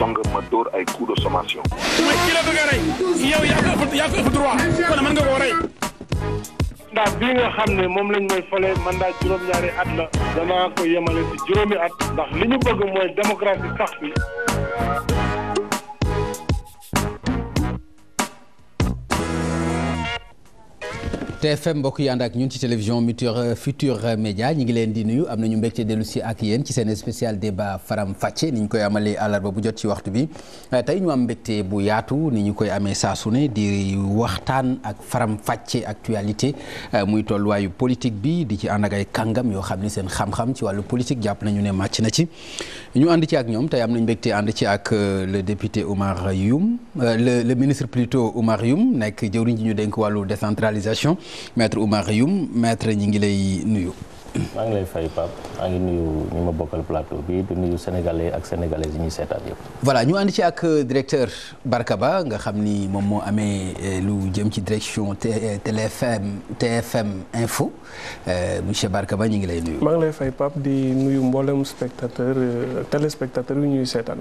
song ma dóor ay coups de sommation. mooy la bëgg a rey yow yaa ko ëpp yaa ko ëpp droit kon mën nga koo rey. mandat bi nga xam ne moom lañ may fale mandat juróom-ñaari at la. danaa ko yemale ci juróomi at. ndax li ñu bëgg mooy démocratie sax bi. TFM mbokk yi ànd ak ñun ci télévision Mutur euh, Futur Média ñi ngi leen di nuyu am nañu mbégte dellu si ak yéen ci seen spécial débat faram fàcce ni ñu koy amalee àllarba bu jot ci waxtu bi euh, tey ñu am mbégte bu yaatu ni ñu koy amee saa su ne di waxtaan ak faram fàcce actualité euh, muy tolluwaayu politique bi di ci ànd ak ay kàngam yoo xam ni seen xam-xam ci wàllu politique jàpp nañu ne màcc na ci ñu ànd ci ak ñoom tey am nañu mbégte ànd ci ak le député Oumar Youm le le ministre plutôt Oumar Youm nekk jëwriñ ji ñu dénk wàllu décentralisation. maître Oumar yum maître ñi ngi lay nuyu. maa ngi lay fay Pape a ngi nuyu ñi ma bokkal plateau bi di nuyu sénégalais ak sénégalaises yi ñuy seetaan yëpp. voilà ñu ànd ci ak euh, directeur Barka Ba nga xam ni moom moo amee euh, lu jëm ci direction TFM euh, TFM info monsieur Barka Ba ñu ngi lay nuyu. maa fay Pape di nuyu mboolem spectateur téléspectateur yi ñuy seetaan.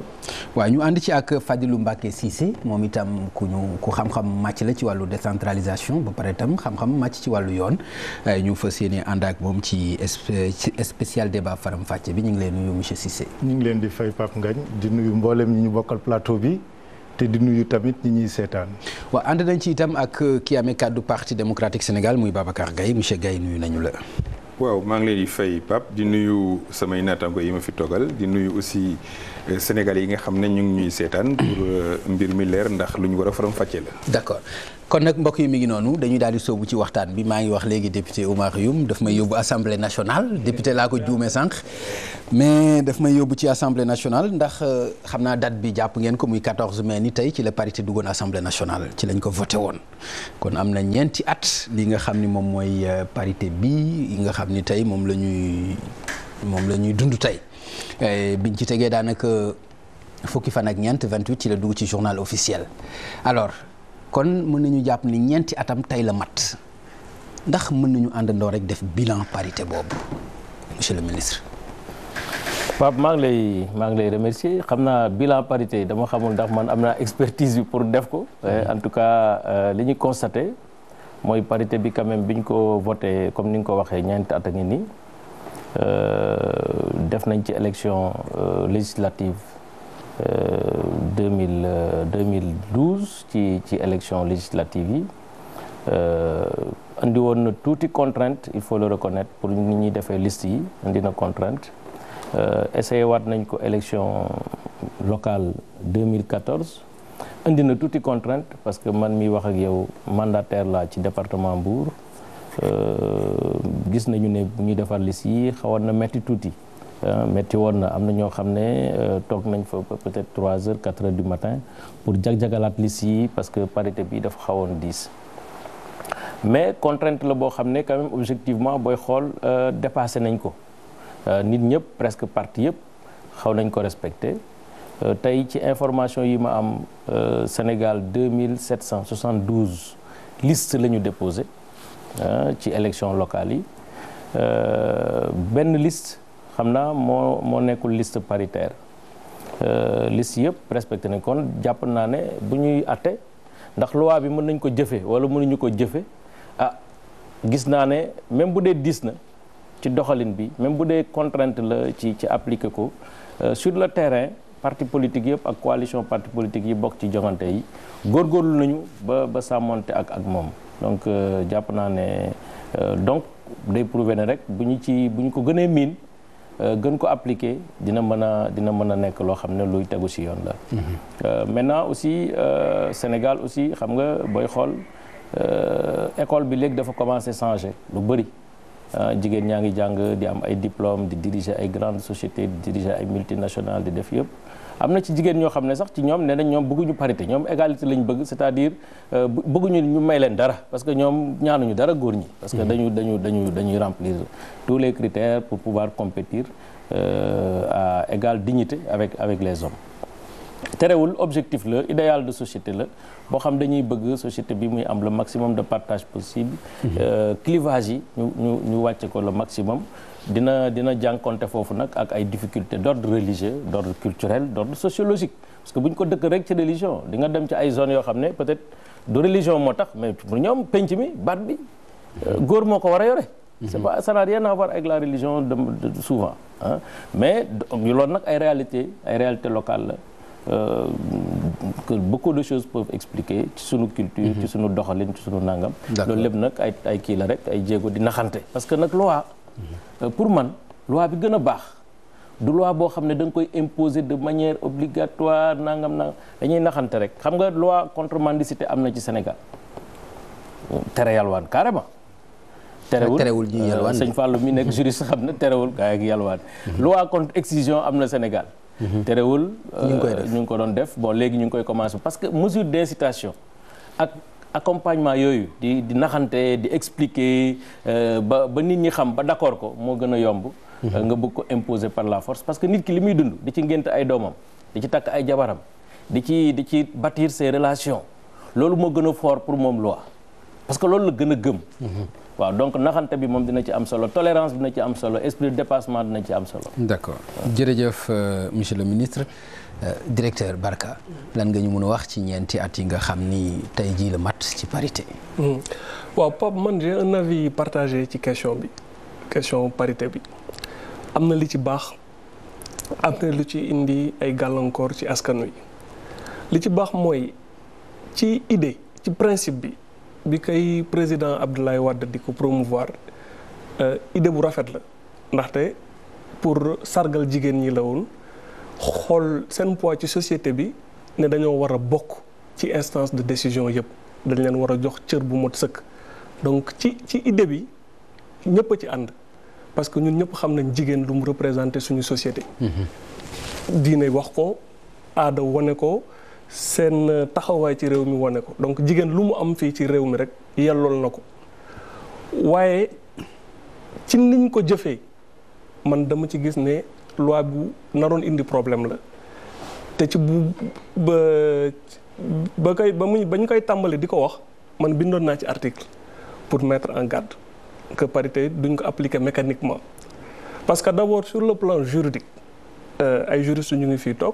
waaw ñu ànd ci ak Fadilou Mbacké Cissé moom itam ku ñu ku xam-xam màcc la ci wàllu décentralisation ba pare itam xam-xam màcc ci wàllu yoon ñu fas yéene ànd ak moom ci. ci spécial débat faram fàcce bi ñu ngi leen nuyu monsieur Cissé. ñu ngi leen di fay Pape Ngagne di nuyu mboolem ñu bokkal plateau bi. te di nuyu tamit ñi ñuy seetaan. waaw ànd nañ ci itam ak euh, ki amee kàddu parti démocratique Sénégal muy Babacar gay monsieur gay nuyu nañu la. waaw maa ngi leen di fay Pape di nuyu samay naataango yi ma fi toogal di nuyu aussi euh, sénégalais yi nga xam ne ñu ngi ñuy seetaan pour euh, mbir mi leer ndax lu ñu war a faram fàccee la. d'accord kon nag mbokk yi mi ngi noonu dañuy daal di soobu ci waxtaan bi maa ngi wax léegi député Oumar Youm daf may yóbbu assemblée nationale député laa ko juume sànq mais daf may yóbbu ci assemblée nationale ndax euh, xam naa date bi jàpp ngeen ko muy 14 ni tey ci la parité duggoon assemblée nationale ci lañ ko voté woon kon am na ñeenti at li nga xam ni moom mooy euh, parité bi yi nga xam ni tey moom la ñuy moom la ñuy dund tey biñ ci tegee daanaka fukki fan ak ñeent 28 ci la dugg ci journal officiel alors. kon mën nañu jàpp ni ñeenti atam tey la matt ndax mën nañu àndandoo rek def bilan parité boobu monsieur le ministre. Pape maa ngi lay maa ngi lay remercier xam naa bilan parité dama xamul ndax man am na expertise bi pour def ko. Euh, en tout cas euh, li ñu constaté mooy parité bi quand même bi ñu ko voté comme ni nga ko waxee ñeenti at a ngi nii euh, def nañ ci élection législative. deux mille deux mille douze ci ci élection législative yi euh, andi woon na tuuti contrainte il faut le reconnaître pour ni ñuy defee liste yi indi na contrainte euh, essayé waat nañ ko élection locale 2014 indi na tuuti contrainte parce que man mi wax ak yow mandataire laa ci département Mbour euh, gis nañu ne bu ñuy defar liste yi xawoon na metti tuuti. Euh, metti woon na am na ñoo xam ne euh, toog nañ fa peut-être 3 heures 4 heures du matin pour jag-jagalaat liste yi parce que parité bi dafa xawoon diis mais contrainte la boo xam ne quand objectivement booy xool euh, dépassé nañ ko nit ñëpp presque parti yëpp xaw nañ ko respecté tey ci information yi ma am Sénégal 2772 liste la ñu déposé ci élection locale yi benn liste xam naa moo moo nekkul list paritaire euh, liste yëpp respecté nañ kon jàpp naa ne bu ñuy atte ndax loi bi mën nañ ko jëfe wala nañu ko jëfe ah gis naa ne même bu dee diis na ci doxalin bi même bu dee contrainte la ci ci appliquer ko euh, sur le terrain parti politique yëpp ak coalition parti politique yi bokk ci joŋante yi góorgóorlu nañu ba ba sàmmonte ak ak moom donc euh, jàpp naa ne donc day prouver rek bu ñu ci bu ñu ko gënee miin Euh, gën ko appliquer dina mën a dina mën a nekk loo xam ne luy tegu si yoon la. Euh, maintenant aussi euh, Sénégal aussi xam nga booy xool école bi léegi dafa commencer changer lu bari. jigéen ñaa ngi jàng di am ay diplôme di diriger ay grandes sociétés di diriger ay multinationales di def yëpp. am na ci jigéen ñoo xam ne sax ci ñoom nee nañ ñoom bëgguñu parité ñoom égalité lañ bëgg c'est-à-dire euh, bëgguñu ñu may leen dara parce que ñoom ñaanuñu dara góor ñi parce que mm-hmm. dañu dañu dañu dañuy remplir tous les critères pour pouvoir compétir euh, à égale dignité avec avec les hommes terewul objectif la idéal de société la boo xam dañuy bëgg société bi muy am le maximum de partage possible mm-hmm. euh, clivage yi ñu ñu ñu wàcce ko le maximum dina dina jànkonte foofu nag ak ay difficultés d'ordre religieux d'ordre culturel d'ordre sociologique parce que bu ñu ko dëkk rek ci religion di nga dem ci ay zones yoo xam ne peut-être du religion moo tax mais pour ñoom penc mi baat bi euh, góor moo ko war a yore. c'est pas ça n'a rien à la religion de, de souvent ah mais loolu nag ay réalité ay réalité locale la. Euh, que beaucoup de choses peuvent expliquer ci sunu culture. Mm-hmm. ci sunu doxalin ci sunu nangam. loolu lépp nag ay ay kii la rek ay jéego di Euh, pour man loi bi gën a baax du loi boo xam ne da nga koy imposer de manière obligatoire nangam nangam dañuy naxante rek xam nga loi contre mendicité am na ci Sénégal tere yalwaan carrément. terewul terewul ji euh, yalwaan sëñ Fallou mi nekk juriste xam na terewul gaa ak yalwaan. Mhm. loi contre excision am na Sénégal. Mhm. terewul. ñu ngi euh, ñu ngi ko doon def bon léegi ñu ngi koy commencer parce que mesure d'incitation ak. accompagnement yooyu di di naxante di expliquer euh, ba ba nit ñi xam ba d'accord ko moo gën a yomb. Mhm. Euh, nga bëgg ko imposer par la force parce que nit ki li muy dund di ci ngénte ay doomam di ci takk ay jabaram di ci di ci bâtir ses relations loolu moo gën a fort pour moom loi parce que loolu la gën a gëm. Mhm. waaw donc naxante bi moom dina ci am solo tolérance dina ci am solo esprit de dépassement dina ci am solo. d'accord jërëjëf euh, monsieur le ministre. Euh, directeur Barka lan nga ñu mën a wax ci ñeenti at yi nga xam ni tey jii la mat ci parité. Hmm. waaw Pape man j'ai un avis partagé ci question bi question parité bi am na li ci baax am na lu ci indi ay gàllankoor ci askan wi li ci baax mooy ci idée ci principe bi. bi kay président Abdoulaye Wade di ko promouvoir euh, idée bu rafet la ndaxte pour sargal jigéen ñi la woon xool seen poids ci société bi ne dañoo war a bokk ci instance de décision yëpp dañ leen war a jox cër bu mot sëkk donc ci ci idée bi ñëpp a ci ànd parce que ñun ñëpp xam nañ jigéen lu mu suñu société mm-hmm. diine wax ko aada wane ko seen euh, taxawaay ci réew mi wane ko donc jigéen lu mu am fii ci réew mi rek yellool na ko waaye ci niñ ko jëfee man dama ci gis ne loi bu naroon indi problème la te ci bu ba ba koy ba muy ba ñu koy tàmbali di ko wax man bindoon naa ci article pour mettre en garde que parité duñ ko appliquer mécaniquement parce que d'abord sur le plan juridique euh, ay juristes ñu ngi fii toog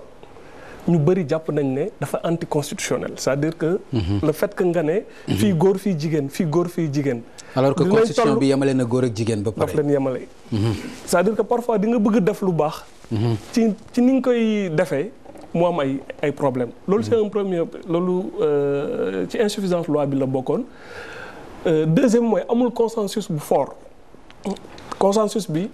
ñu bëri jàpp nañ ne dafa anticonstitutionnel cest a dire que. Mhm. le fait que nga ne. Mhm. fii góor fii jigéen fii góor fii jigéen. alors que constitution bi yemale na góor ak jigéen ba pare. daf leen yemale. Mhm. c'est-à-dire que parfois di nga bëgg def lu baax. ci ci ni nga koy defee mu am ay ay problème loolu c'est un premier euh, ci insuffisance loi bi la bokkoon euh, deuxième mooy amul consensus bu fort consensus bi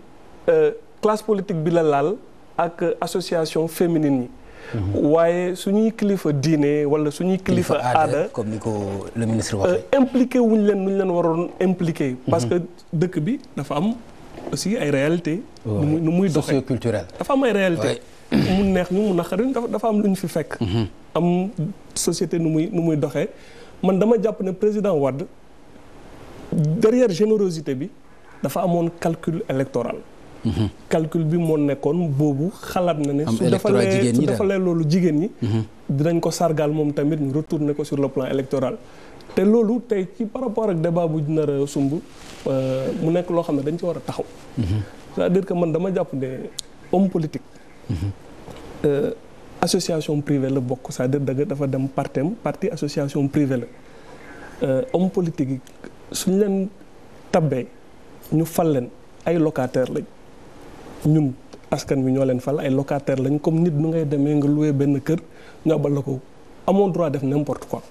euh, classe politique bi la laal ak association féminine yi. waaye suñuy kilifa diine wala suñuy kilifa aada comme ni ko le ministre waxee euh, impliqué wuñ leen nuñ leen waroon impliqué mhm. parce que dëkk bi dafa am aussi ay réalité nu muy doxee socioculturel dafa am ay mu neex ñu mu naqari dafa am lu ñu fi fekk mhm. am société nu muy nu muy doxee man dama jàpp ne président Wade derrière générosité bi dafa amoon calcul électoral calcul bi moo nekkoon boobu xalaat na ne. su defalee su defalee loolu jigéen ñi. Mhm. dinañ ko sargal moom tamit ñu ne ko sur le plan électoral. te loolu tey ci par rapport ak débat bu nar a sumb euh, mu nekk loo xam ne dañ ci war a taxaw. Mhm. cest dire que man dama jàpp ne homme politique. Mhm. Euh, association privée la bokk c'est-à-dire dafa dem partem parti association privée la euh, homme politique yi suñ leen tabbee ñu fal leen ay locataire lañ. ñun askan wi ñoo leen fal ay locataire lañ comme nit nu ngay demee nga loué benn kër nga abal la ko amoon droit def n'importe quoi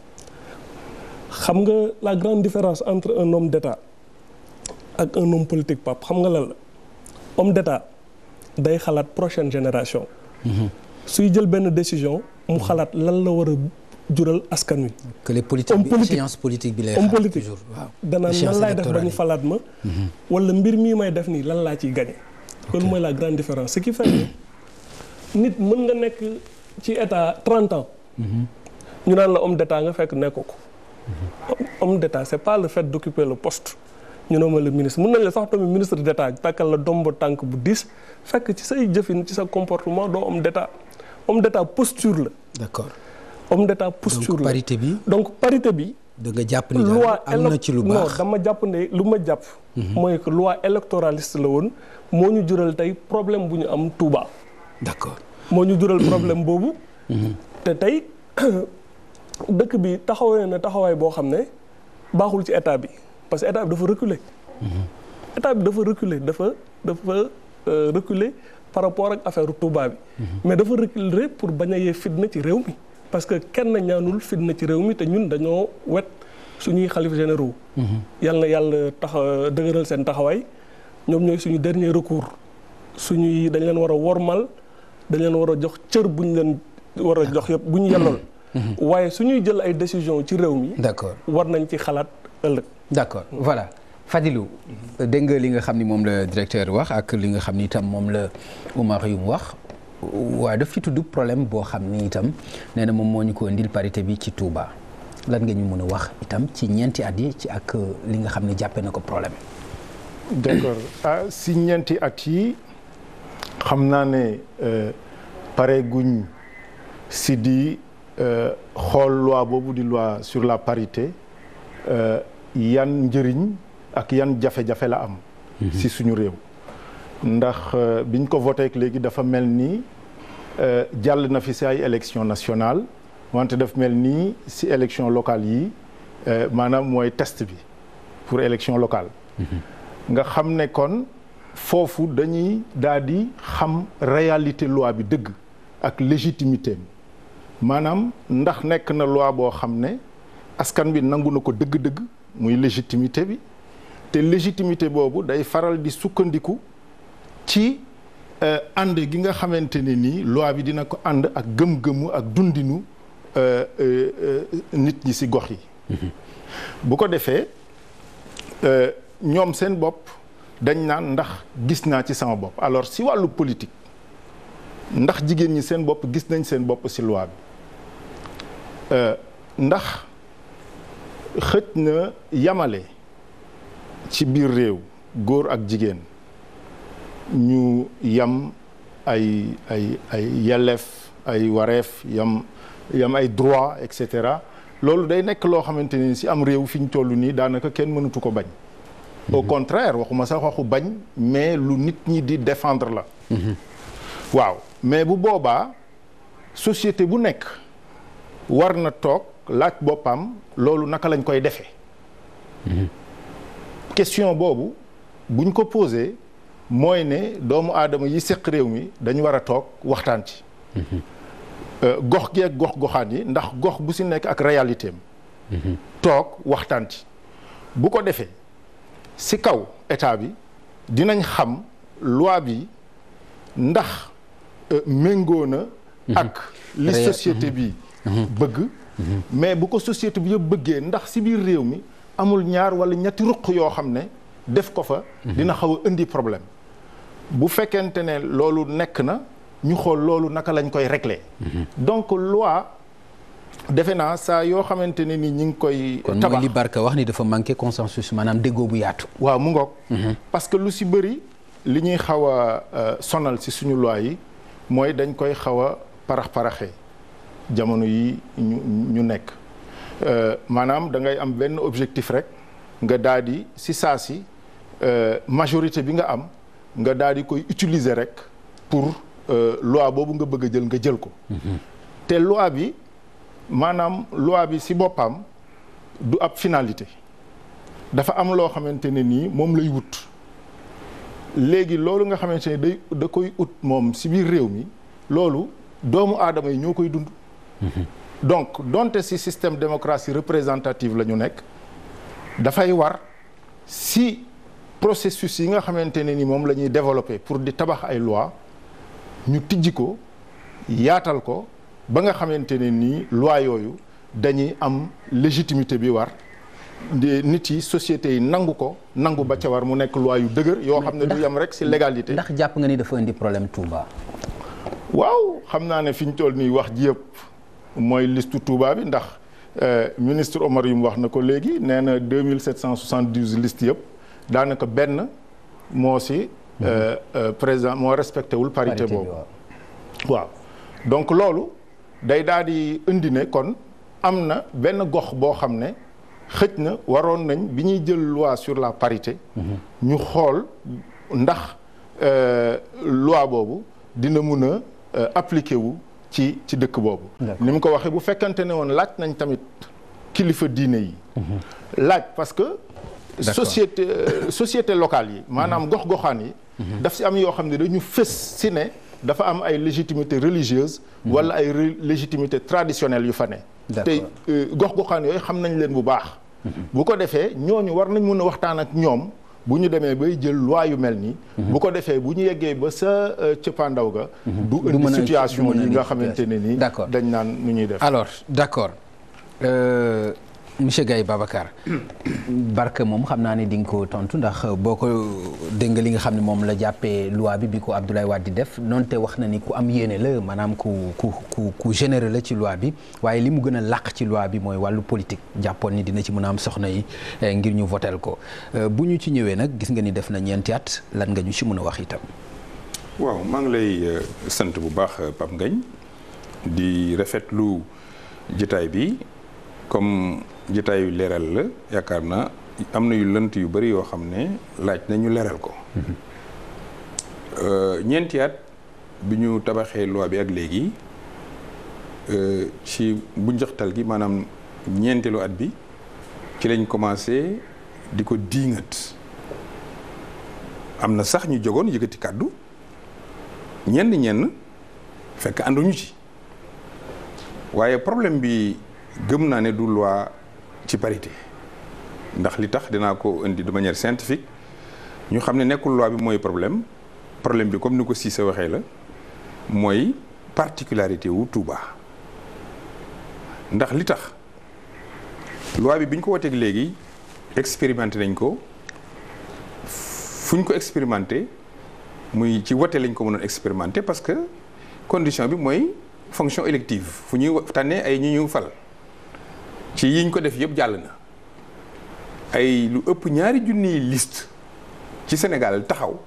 xam nga la grande différence entre un homme d'état ak un homme politique pap xam nga lan la homme day xalaat prochaine génération mhm. suy jël benn décision mu xalaat lan la war a jural askan wi que les politiques bi lay homme politique danaa nan laay def rek ñu falaat ma mhm. wala mbir mii may def nii lan laa ciy gañe loolu mooy la grande différence ce qui fait que nit mën nga nekk ci état 30 ans. Mhm. ñu naan la homme d'état nga fekk nekkoo ko. homme d'état c'est pas le fait d'occuper le post ñu ne nooma le ministre mën nañ la sax tamit ministre d'état takkal la domb tànk bu diis fekk ci say jëfin ci sa comportement doo homme d'état homme d'état posture la. d'accord homme d'état posture la donc parité bi. donc parité bi. da jàpp ni am na ci lu baax loi non jàpp ne lu ma jàpp. Mhm. mooy que loi électoraliste la woon. moo ñu jural tey problème bu ñu am Touba. d'accord moo ñu jural problème boobu. Mm-hmm. te tey dëkk bi taxawee na taxawaay boo xam ne baaxul ci état bi parce que état bi dafa reculer. Mm-hmm. état bi dafa reculer dafa dafa euh, reculer par rapport ak affaire Touba bi. Mm-hmm. mais dafa reculer pour bañ a yee fitna ci réew mi. parce que kenn ñaanul fitna ci réew mi te ñun dañoo wet suñuy xalif généraux. yal na yàlla tax dëgëral seen taxawaay. ñoom ñooy suñu dernier recours suñuy dañ leen war a wormal dañ leen war a jox cër bu ñu leen war a jox yëpp bu ñu yellool waaye suñuy jël ay décision ci réew mi d'accord war nañ ci xalaat ëllëg d'accord voilà Fadilou dégg nga li nga xam ni moom la directeur wax ak li nga xam ni itam moom la Oumar Youm wax waaw daf ci tudd problème boo xam ni itam nee na moom moo ñu ko indil parité bi ci Touba lan nga ñu mën a wax itam ci ñeenti at yi ci ak li nga xam ne jàppee na ko problème d'accord ah si ñeenti at yi xam naa ne euh, pare guñ si di euh, xool loi boobu di loi sur la parité euh, yan njëriñ ak yan jafe-jafe la am mhm. si suñu réew ndax biñ ko voté léegi dafa mel ni jàll na fi si ay élection nationale wante daf mel nii si élection locale yi maanaam mooy test bi pour élection locale mhm. nga xam ne kon foofu dañuy daal di xam réalité loi bi dëgg ak légitimité maanaam ndax nekk na loi boo xam ne askan bi nangu na ko dëgg-dëgg muy légitimité bi te légitimité boobu day faral di sukkandiku ci euh, ànd gi nga xamante ne nii loi bi dina ko ànd ak gëm-gëmu ak dundinu euh, euh, nit ñi si gox yi mm-hmm. bu ko defee ñoom seen bopp dañ naan ndax gis naa ci sama bopp alors si wàllu politique ndax jigéen ñi seen bopp gis nañ seen bopp si loi bi euh, ndax xëj na yamale ci biir réew góor ak jigéen ñu yam ay ay ay yelleef ay wareef yam yam ay droit et cetera loolu day nekk loo xamante ni si am réew fi ñu toll nii daanaka kenn mënatu ko bañ au contraire waxuma sax waxu bañ mais lu nit ñi di défendre la mhm. waaw mais bu boobaa société bu nekk war na toog laaj boppam loolu naka lañ koy defee mhm. question boobu buñ ko posé mooy ne doomu aadama yi séq réew mi dañu war a toog waxtaan ci mhm. euh, gox gee gox goxaan yi ndax gox bu si nekk ak réalité toog waxtaan ci bu ko defee si kaw état bi dinañ xam loi bi ndax euh, méngoo na mhm. ak li société bi mhm. Mhm. bëgg mais bu ko société bi yëpp bëggee ndax si biir réew mi amul ñaar wala ñetti ruq yoo xam ne def ko fa dina xaw a indi problème bu fekkente ne loolu nekk na ñu xool loolu naka lañ koy régler donc loi defe naa saa yoo xamante ne ni ñu ngi koy. tabax kon mooy wax ni dafa manqué consensus maanaam déggoo bu yaatu. waaw mu ngoog. Mhm. parce que lu si bëri li ñuy xaw a euh, sonal si suñu loi yi mooy dañ koy xaw a parax paraxee jamono yi ñu ñu nekk euh, maanaam da ngay am benn objectif rek nga daal di si saa si euh, majorité bi nga am nga daal di koy utiliser rek pour loi boobu nga bëgg a jël nga jël ko. Mhm. te loi bi. maanaam loi bi si boppam du ab finalité dafa am loo xamante ne nii moom lay wut léegi loolu nga xamante ne day da koy ut moom si biir réew mi loolu doomu aadama yi ñoo koy dund mm-hmm. donc donte si système démocratie représentative la ñu nekk dafay war si processus yi nga xamante ne ni moom la ñuy développer pour di tabax ay loi ñu tijji ko yaatal ko ba nga xamante ne nii loi yooyu dañuy am légitimité bi war di nit yi societé yi nangu ko nangu ba ca war mu nekk loi yu dëgër yoo xam ne du yam rek si légalité ndax jàpp nga ni dafa indi problème Touba waaw xam naa ne fi ñu toll nii wax ji yëpp mooy listu Touba bi ndax euh, ministre Omar yu mu wax na ko léegi nee na 2772 liste yëpp daanaka benn moo si euh, mhm. euh, président moo respecté wul parité boobu waaw donc loolu day daal di indi ne kon am na benn gox boo xam ne xëj na waroon nañ bi ñuy jël loi sur la parité. ñu xool ndax euh, loi boobu dina mun a euh, appliquer wu ci ci dëkk boobu. ni mu ko waxee bu fekkante ne woon laaj nañ tamit kilifa diine yi. Mhm. laaj parce que. societé euh, société locale yi. maanaam gox goxaan yi. Mhm. daf si am yoo xam ne dañu fës si ne. dafa am ay légitimité religieuse mhm. wala ay légitimité traditionnelle yu fa ne te euh, gox-goxaan yooyu xam nañ leen bu baax mhm. bu ko defee ñooñu war nañ mun a waxtaan ak ñoom bu ñu demee bay jël loi yu mel nii. Mhm. bu ko defee bu ñu yeggee ba sa euh, cëppaandaw ga. du indi situation yi nga xamante ne nii. dañ naan nu ñuy def alors d'accord. Euh... monsieur Gaye Babacar Barka moom xam naa ne di nga ko tontu ndax boo ko dégg nga li nga xam ne moom la jàppee loi bi bi ko Abdoulaye Wade di def noonte wax na ni ku am yéene la maanaam ku ku ku ku généreux la ci loi bi waaye li mu gën a làq ci loi bi mooy wàllu politique jàppoon ni dina ci mën a am soxna yi eh, ngir ñu votel ko eh, bu ñu ci ñëwee nag gis nga ni def na ñeenti at lan nga ñu ci mën a wax itam. waaw maa ngi lay eh, sant bu baax Pape Ngagne di rafetlu jotaay bi jotaayu leeral la yaakaar na am na yu lënt yu bëri yoo xam ne laaj na ñu leeral ko. Euh, ñeenti at bi ñu tabaxee loi bi ak léegi euh, ci bu njëxtal gi maanaam ñeenteelu at bi ci lañ commencé di ko diingat am na sax ñu jogoon yëkkati kàddu ñenn ñenn fekk ànduñu ci waaye problème bi gëm naa ne du loi. ci parité ndax li tax dinaa ko indi de manière scientifique ñu xam ne nekkul loi bi mooy problème problème bi comme ni ko Cissé waxee la mooy particularité wu Touba ndax li tax loi bi bi ñu ko woteeg léegi expérimenté nañ ko fu ñu ko expérimenté muy ci wote lañ ko mënoon expérimenté parce que condition bi mooy fonction élective fu ñuy tànnee ay ñi ñu fal ci yiñ ko def yëpp jàll na ay lu ëpp ñaari junniy liste ci Sénégal taxaw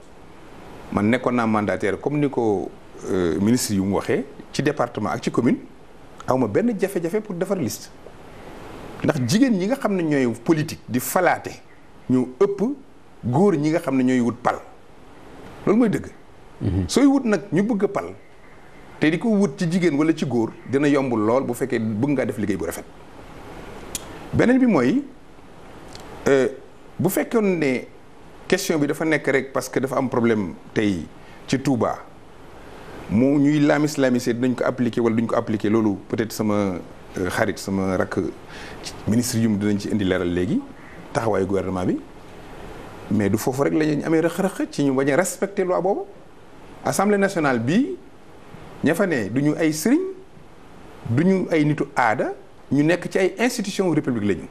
man nekkoon naa mandataire comme ni ko euh, ministre yu mu waxee ci département ak ci commune awma benn jafe-jafe pour defar liste ndax jigéen ñi nga xam ne ñooy politique di falaate ñu ëpp góor ñi nga xam ne ñooy wut pal loolu mooy dëgg mhm. sooy wut nag ñu bëgg a pal te di ko wut ci jigéen walla ci góor dina yombul lool bu fekkee bëgg ngaa def liggéey bu rafet beneen bi mooy euh, bu fekkoon ne question bi dafa nekk rek parce que dafa am problème tey ci Touba moom ñuy lamis lamisé dinañ ko appliqué wala duñ ko appliqué loolu peut-être sama euh, xarit sama rakk ministre yum dinañ ci indi leeral léegi taxawaayu gouvernement bi mais du foofu rek la amee rëq-rëq ci ñu bañ a respecté loi boobu assemblée nationale bi ña fa ne du ñu ay sëriñ du ñu ay nitu aada ñu nekk ci ay institution république lañu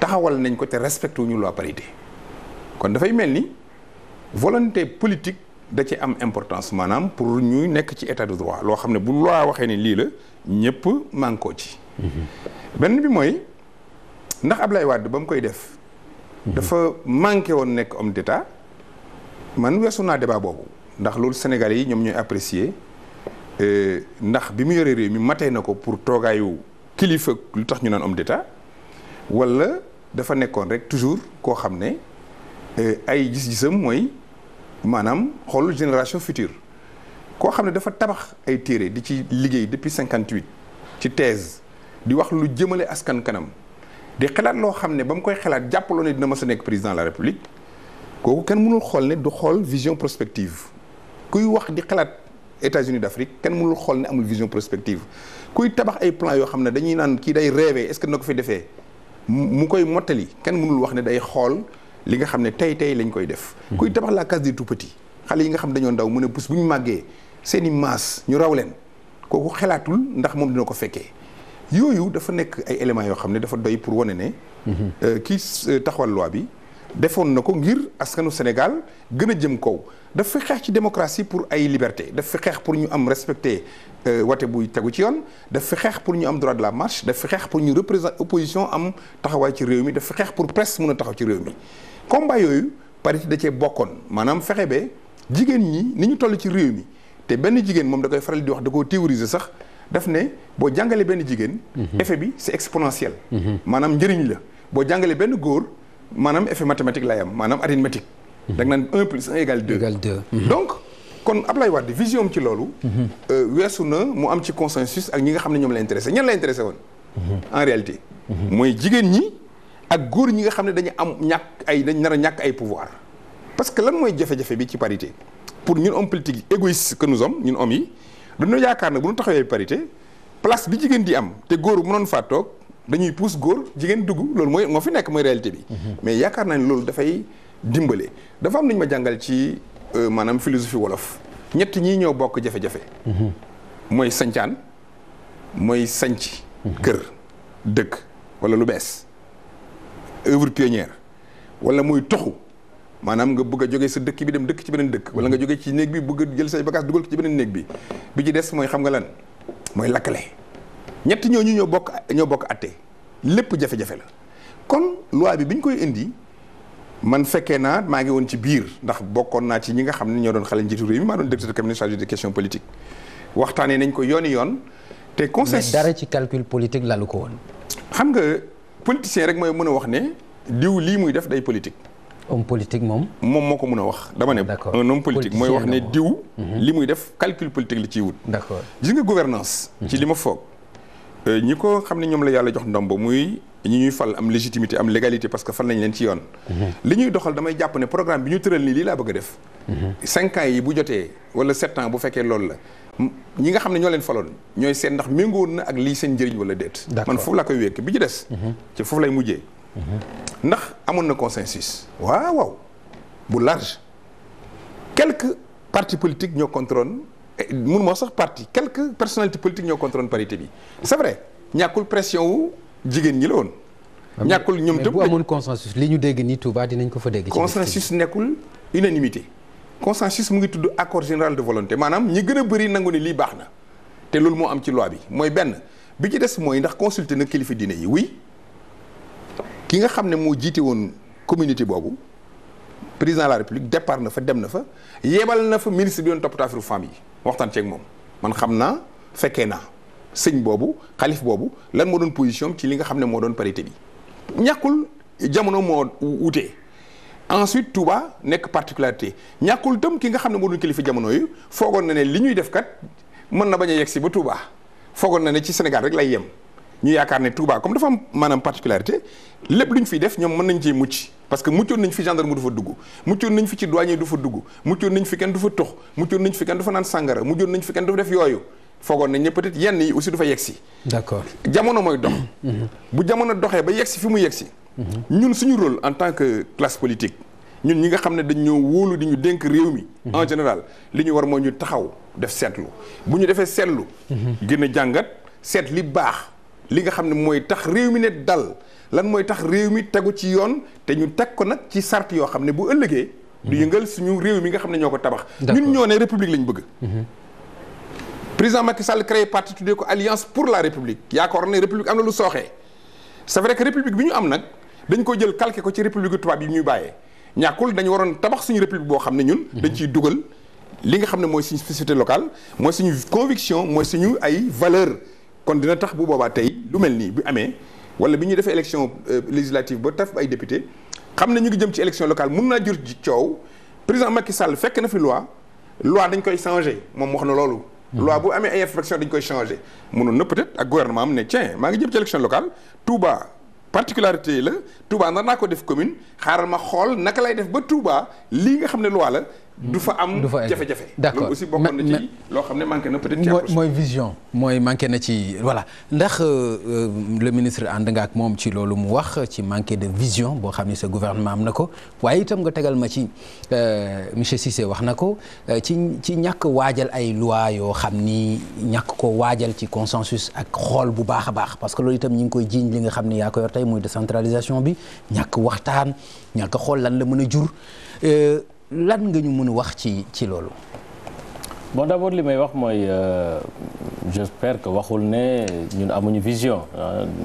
taxawal nañ ko te respecté wuñu loi parité kon dafay mel ni volonté politique da ci am importance maanaam pour ñu nekk ci état de droit loo xam ne bu loi waxee ne lii la ñëpp mànkoo ci. Mhm. benn bi mooy ndax Ablaye Wade ba mu koy def. Mhm. dafa manqué woon nekk homme d'état man weesu naa débat boobu ndax loolu sénégal yi ñoom ñooy apprécier euh, ndax bi mu yore réew mi matee na ko pour toogaayu. kilifa lu tax ñu naan homme d'état wala dafa nekkoon rek toujours koo xam ne euh, ay gis-gisam mooy maanaam xool génération future koo xam ne dafa tabax ay téere di ci liggéey depuis cinquante-huit ci thèse di wax lu jëmale askan kanam di xalaat loo xam ne ba mu koy xalaat jàppaloo ne dina mës a nekk président la république kooku kenn mënul xool ne du xool vision prospective kuy wax di xalaat états uni d'Afrique kenn mënul xool ne amul vision prospective kuy tabax ay plan yoo xam ne dañuy naan kii day rêver est-ce que na ko fi defee mu koy mottali kenn mënul wax ne day xool li nga xam ne tey tey lañ koy def. Mhm. kuy tabax la case des tout-petits xale yi nga xam dañoo ndaw mu ne pouse bu ñu màggee seen i maas ñu raw leen kooku xalaatul ndax moom dina ko fekkee yooyu dafa nekk ay éléments yoo xam ne dafa doy pour wane ne. Mhm. Euh, kii euh, taxawal loi bi defoon na ko ngir askanu Sénégal gën a jëm kaw. daf fi xeex ci démocratie pour ay liberté daf fi xeex pour ñu am respecter euh, wate buy tegu ci yoon daf fi xeex pour ñu am droit de la marche daf fi xeex pour ñu représenter opposition am taxawaay ci réew mi daf fi xeex pour presse mën a taxaw ci réew mi combat yooyu parité da cee bokkoon maanaam fexe ba jigéen ñi ni ñu toll ci réew mi te benn jigéen moom da koy faral di wax da koo théoriser sax daf ne boo jàngalee benn jigéen mhm. effet bi c'est exponentiel mhm. maanaam njëriñ la boo jàngalee benn góor maanaam effet mathématique lay am maanaam arithmétique Mhm. da nga naan un plus un égale deux. égale deux. Mhm. donc kon Ablaye Wade vision am ci loolu. Mhm. Euh, weesu na mu am ci consensus ak ñi nga xam ne ñoom la intéressé ñan la intéressé woon. en réalité. mooy jigéen ñi ak góor ñi nga xam ne dañu am ñàkk ay dañ nar a ñàkk ay pouvoir parce que lan mooy jafe-jafe bi ci parité pour ñun homme politique égoïste que ñun om yi dañoo yaakaar ne bu ñu taxawee parité place bi jigéen di am te góor mënoon faa toog dañuy pousse góor jigéen dugg loolu mooy moo fi nekk mooy réalité bi. mais yaakaar naa ne dafay dimbale. dafa am lu ñu ma jàngal ci euh, maanaam philosophie wolof ñett ñi ñoo bokk jafe-jafe. Mhm. mooy sancaan mooy sañc mhm. kër dëkk wala lu bees œuvre pionnière wala mooy toxu maanaam nga bëgg a jógee sa dëkk bi dem dëkk ci beneen dëkk wala nga jóge ci néeg bi bëgg jël say bagage dugal ko ci beneen néeg bi bi ci des mooy xam nga lan mooy lakkale ñett ñu ñëw bokk ñoo bokk atte lépp jafe-jafe la kon loi bi bi ñu koy indi man fekkee naa maa ngi woon ci biir ndax bokkoon naa ci ñi nga xam ne ñoo doon xale njiitu réew mi maa doon directeur de cabinet chargé des questions politiques waxtaanee nañ ko yooni yoon te conseil mais dara ci calcul politique lalu ko woon. xam nga politicien rek mooy mën a wax ne diw lii muy def day politique. homme moom. moom moo ko mën a wax dama ne. d'accord un homme politique mooy wax ne diw. Mhm. li muy def calcul politique la ciy wut. ji nga gouvernance ci mhm. li ma foog euh, ñi ko xam ne ñoom la yàlla jox ndombo muy. ñu ñuy fal am légitimité am légalité parce que fal nañ leen ci yoon. li ñuy doxal damay jàpp ne programme bi ñu tëral nii lii laa bëgg a def. cinq ans yi bu jotee wala sept ans bu fekkee loolu la. ñi nga xam ne ñoo leen faloon ñooy seet ndax méngóo na ak lii seen njëriñ wala déet. man foofu laa koy wékk bi ci des. Mhm. ci foofu lay mujjee. Mhm. ndax amoon na consensus. waaw waaw bu large. quelque parti politique ñoo contrôle eh, mun moo sax parti quelque personnalités politiques ñoo contrôle parité bi ñàkkul pression wu. jigéen ñi la woon. ñàkkul ñoom tëb mais bu amoon consensus li ñu dégg nii Touba dinañ ko fa dégg. consensus nekkul unanimité consensus mu ngi tudd accord général de volonté maanaam ñi gën a bëri nangu ni lii baax na te loolu moo am ci loi bi mooy benn bi ci des mooy ndax consulté na kilifa dina yi oui ki nga xam ne moo jiite woon communauté boobu président de la république départ na fa dem na fa yebal na fa ministre bi doon toppatoo affaire famille waxtaan ceeg moom man xam naa fekkee naa. sëñ boobu xalif boobu lan moo doon position ci li nga xam ne moo doon parité bi ñàkkul jamono moo wutee ensuite Touba nekk particularité ñàkkul tam ki nga xam ne moo doon kilifa jamono yu foogoon na ne li ñuy def kat mën na bañ a yegsi ba Touba foogoon na ne ci Sénégal rek lay yem ñu yaakaar ne Touba comme dafa am maanaam particularité lépp lu ñu fiy def ñoom mën nañ cee mucc parce que muccoon nañ fi gendarme du fa dugg muccoon nañ fi ci douanier du fa dugg muccoon fi kenn du fa tox muccoon fi kenn du fa naan sàngara fi kenn def yooyu foogoon nañ ne peut-être yenn yi aussi du fa yegsi. d'accord jamono mooy dox. Mhm. bu jamono doxee ba yegsi fi mu yegsi. Mhm. ñun suñu rôle en tant que classe politique ñun ñi nga xam ne dañ wóolu di ñu dénk réew mi. Mhm. en général li ñu war mooy ñu taxaw def seetlu bu ñu defee seetlu. gën a jàngat seet li baax li nga xam ne mooy tax réew mi ne dal lan mooy tax réew mi tegu ci yoon te ñu teg ko nag ci sart yoo xam ne bu ëllëgee. du yëngal suñu réew mi nga xam ne ñoo ko tabax. ñun ñoo ne république lañ bëgg. président Macky Sall créé parti tuddee ko alliance pour la république yaakaar ne république am na lu sooxee c'est vrai que république bi ñu am nag dañ ko jël calqué ko ci république tubaab yi ñuy bàyyee ñàkkul dañu waroon tabax suñu république boo xam ne ñun. Mhm. dañ ciy dugal li nga xam ne mooy suñu spécificité locale mooy suñu conviction mooy suñu ay valeur kon dina tax bu boobaa tey lu mel nii bi amee wala bi ñuy defee élection euh, législative ba taf ay député xam ne ñu ngi jëm ci élection locale mun naa jur ci coow président Macky Sall fekk na fi loi loi dañ koy changer moom wax na loolu. loi bu amee ay dañ koy changé mënoon na peut-être ak gouvernement am ne tiens maa ngi jëm ci élection locale Touba particularité yi la Touba nar naa ko def commune xaaral ma xool naka lay def ba Touba lii nga xam ne loi la du fa am jafe-jafe d'accord loolu aussi bokkoon na loo xam ne manqué na peut-être mooy vision mooy manqué na ci voilà ndax euh, euh, le ministre ànd nga ak moom ci loolu mu wax ci manqué de vision boo xam ne sa gouvernement am na ko waaye itam nga tegal ma ci euh, monsieur Cissé wax na ko ci ci ñàkk waajal ay loi yoo xam ni ñàkk ko waajal ci consensus ak xool bu baax a baax parce que loolu itam ñi ngi koy jiiñ li nga xam ne yaa ko yor tey muy décentralisation bi ñàkk waxtaan ñàkk xool lan la mën a jur lan nga ñu mën a wax ci ci loolu. bon d' abord li may wax mooy euh, j' espère que waxul ne ñun amuñu vision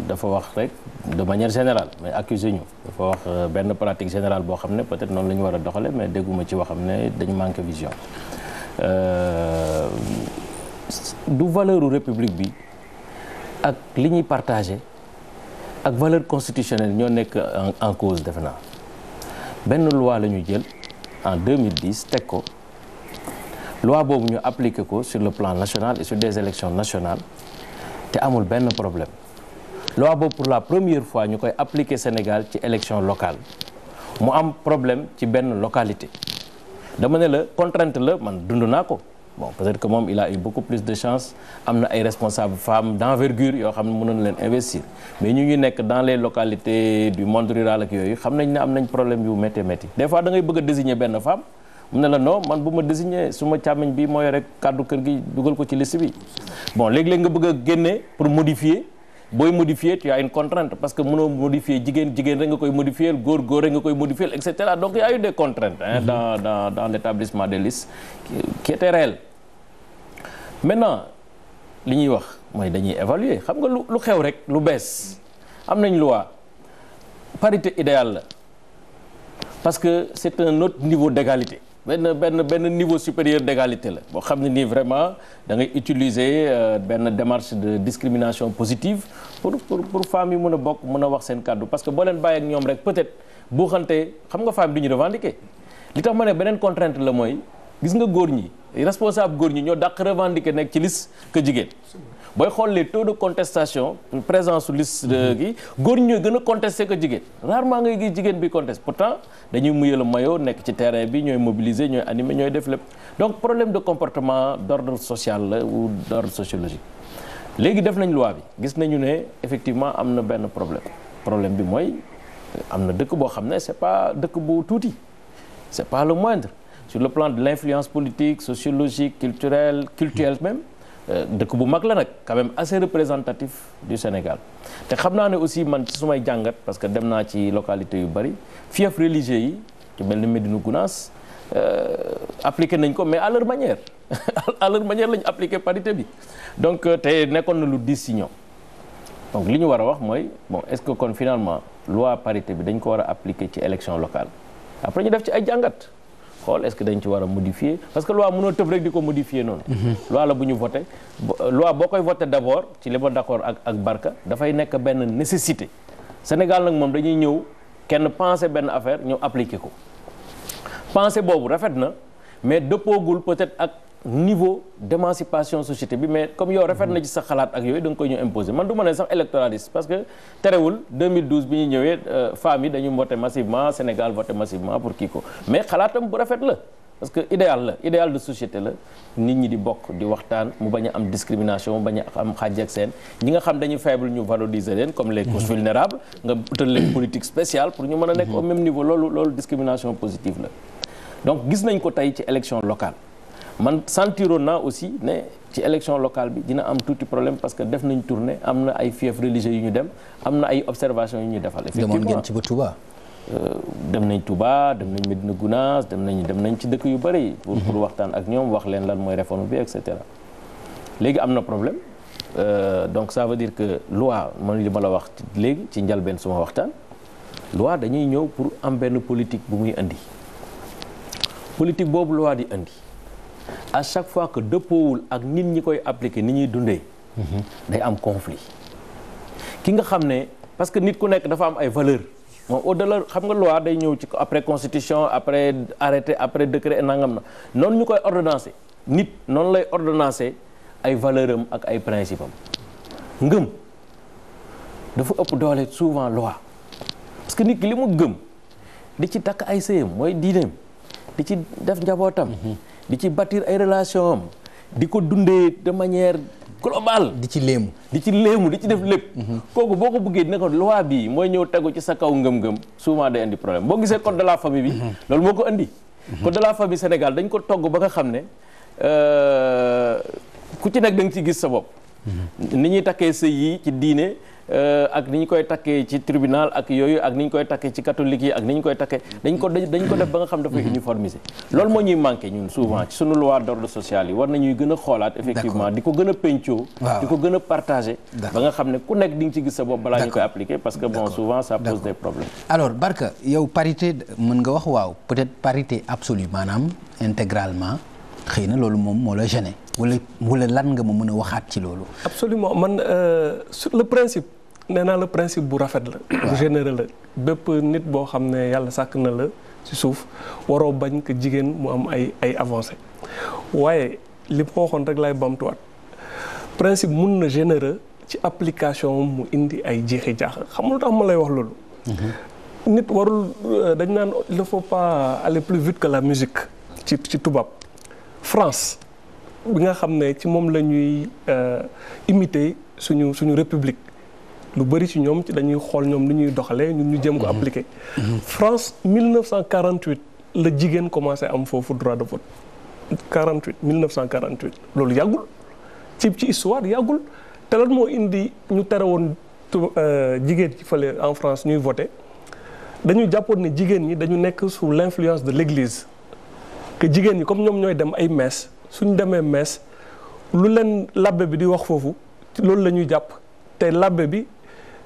dafa wax rek de manière générale mais accusé ñu dafa wax euh, benn pratique générale boo xam ne peut-être noonu lañu war a doxale mais dégguma ci waxam ne dañu manqué vision euh, du valeuru république bi ak li ñuy partagé ak valeur constitutionnelle ñoo nekk en cause defe naa benn loi la jël en 2010 teg ko loi boobu ñu appliqué ko sur le plan national et sur des élections nationales te amul benn problème loi boobu pour la première fois ñu koy appliqué Sénégal ci élection locale mu am problème ci benn localité dama ne la contrainte la man dund naa ko bon peut-être que moom il a eu beaucoup plus de chance am na ay responsables femmes d'envergure yoo xam ne mënoon leen investir mais ñu ngi nekk dans les localités du monde rural ak yooyu xam nañ ne am nañ problème yu métti métti des fois da ngay bëgg a benn femme mu ne la non man bu ma désigner su ma càmmiñ bi mooy rek kàddu kër gi dugal ko ci liste bi bon léeg-léeg nga bëgg a génne pour modifier booy modifier tu as une contrainte parce que mënoo modifier jigéen jigéen rek nga koy modifier góor góor rek koy modifier et cetera donc il y a eu des contraintes hein, mm -hmm. dans maintenant li ñuy wax mooy dañuy évaluer xam nga lu lu xew rek lu bees am nañ lu loi parité idéale la parce que c'est un autre niveau d'égalité benn benn benn niveau supérieur d'égalité la boo xam ne nii vraiment dangay ngay utiliser euh, benn démarche de discrimination positive pour pour pour femmes yi mun a bokk mun a wax seen kàddu parce que booleen leen bàyyi ak ñoom rek peut-être bu xante xam nga femme du ñu revendiquer li tax ma ne beneen contrainte la mooy gis nga góor ñi. responsable góor ñi ñoo dàq revendiquer nekk ci liste que jigéen booy xool les taux de contestation présence su liste mhm. gi góor ñi ñooy gën a contesté que jigéen rarement ngay gis jigéen bi conteste pourtant dañuy muyal a maillot nekk ci terrain bi ñooy mobiliser ñooy animer ñooy def lépp donc problème de comportement d' ordre social la ou d' sociologique léegi def nañ loi bi gis nañu ne effectivement am na benn problème problème bi mooy am na dëkk boo xam ne c' pas dëkk bu tuuti c' est le moindre sur le plan de l'influence politique sociologique culturelle culturelle même euh, dëkk bu mag la nag quand même assez représentatif du Sénégal te xam naa ne aussi man ci sumay jàngat parce que dem naa ci localité yu bari fief religieux yi ci mel ni Médina Gounass euh, appliqué nañ ko mais à leur manière à leur manière lañu appliqué parité bi donc euh, te nekkoon na lu diis si ñoom donc li ñu war a wax mooy bon est-ce que kon finalement loi parité bi dañ ko war a appliquer ci élection locale après ñu def ci ay jàngat xool est-ce que dañ ci war a modifier parce que loi mënoo tëb rek di ko modifier noonu. Mhm. loi la bu ñu voté loi boo koy voté d'abord ci li ma d'accord ak ak Barka dafay nekk benn nécessité Sénégal nag moom dañuy ñëw kenn pensé benn affaire ñëw appliqué ko pensé boobu rafet na mais dëppoogul peut-être ak. niveau d'émancipation société bi mais comme yow rafet na ci sax xalaat ak yooyu da nga koy ñu imposer man du ma ne sax électoraliste parce que terewul 2012 bi ñu ñëwee euh, femmes yi dañu voté massivement Sénégal voté massivement pour kii ko mais xalaatam bu rafet la parce que idéal la idéal de société la nit ñi di bokk di waxtaan mu bañ am discrimination mu bañ am xàjj seen ñi nga xam dañu faible ñu valoriser leen comme les couches vulnérables nga utal leen politique spéciale pour ñu mën a nekk au même niveau loolu loolu discrimination positive la donc gis nañ ko tey ci élection locale man sentiroon naa aussi ne ci élection locale bi dina am tuuti problème parce que def nañ tournée am na ay fief religieux yu ñu dem am na ay observation yu ñu defal. effectivement demoon ngeen ci ba Touba. Euh, dem nañ Touba dem nañ Medina Gounass dem nañu dem nañ ci dëkk yu bëri. pour pour mhm. waxtaan ak ñoom wax leen lan mooy réforme bi et cetera. léegi am na problème euh, donc ça veut dire que loi man li ma la wax léegi ci njalbeen suma waxtaan. loi dañuy ñëw pour am benn politique bu muy indi. politique boobu loi di indi. à chaque fois que dëppoowul ak nit ñi koy appliquer ni ñuy dundee. Mhm. day am conflit. ki nga xam ne parce que nit ku nekk dafa am ay valeur moom au delà xam nga loi day ñëw ci après constitution après arrêté après décret nangam na noonu ñu koy ordonnancé nit noonu lay ordonnancé ay valeur am ak ay principe ngëm dafa ëpp doole souvent loi parce que nit ki li mu gëm di ci takk ay sëyam mooy diineem di ci def njabootam. Mhm. di ci bâtir ay relation di ko dundee de manière globale. di ci léemu di ci léemu di ci def lépp. Mhm. kooku boo ko buggee ne ko loi bi mooy ñëw tegu ci sa kaw ngëm-ngëm souvent day indi problème boo gisee code de la famille bi. Mhm. loolu moo ko indi. Mhm. code de la famille Sénégal dañ ko togg ba nga xam ne euh, ku ci nekk da nga ciy gis sa bopp. ni ñuy takkee sëy yi ci diine. Euh, ak ni ñu koy takkee ci tribunal ak yooyu ak ni ñu koy takkee ci catholique yi ak ni ñu koy takkee dañ ko dañ ko def ba nga xam dafay mhm. uniformiser loolu moo ñuy manqué ñun souvent sunu loi d'ordre social yi war nañuy gën a xoolaat effectivement di ko gën a ba nga xam ne ku nekk di ci gis sa bopp balaa ñu koy appliqué parce que bon souvent ça pose des problèmes alors Barka yow parité mën nga wax waaw peut-être parité absolue maanaam intégralement xëy na loolu moom moo la gêné wala wala lan nga ma mën a waxaat ci loolu nee naa la principe bu rafet la. généreux la bépp nit boo xam ne yàlla sàkk na la ci suuf waroo bañ ko jigéen mu am ay ay avancé waaye li ma waxoon rek laay bamtuwaat principe mun na généreux ci application mu indi ay jeexi jaax xam nga lu tax ma lay wax loolu. Mhm. nit warul euh, dañ naan il ne faut pas aller plus vite que la musique. ci ci tubaab France bi nga xam ne ci moom la ñuy euh, imiter suñu suñu république. lu bari ci ñoom ci dañuy xool ñoom lu ñuy doxalee ñun ñu jëm ko mhm. appliqué. Mhm. France 1948 la jigéen commencé am foofu droit de vote 48 1948 loolu yàggul ci ci histoire yàggul te lan moo indi ñu tere woon euh, jigéen ci fële en France ñuy voté dañu jàppoon ne jigéen ñi dañu nekk sous l'influence de l'église que jigéen ñi comme ñoom ñooy dem ay mees suñ demee mees lu leen labbe bi di wax foofu loolu la ñuy jàpp te labbe bi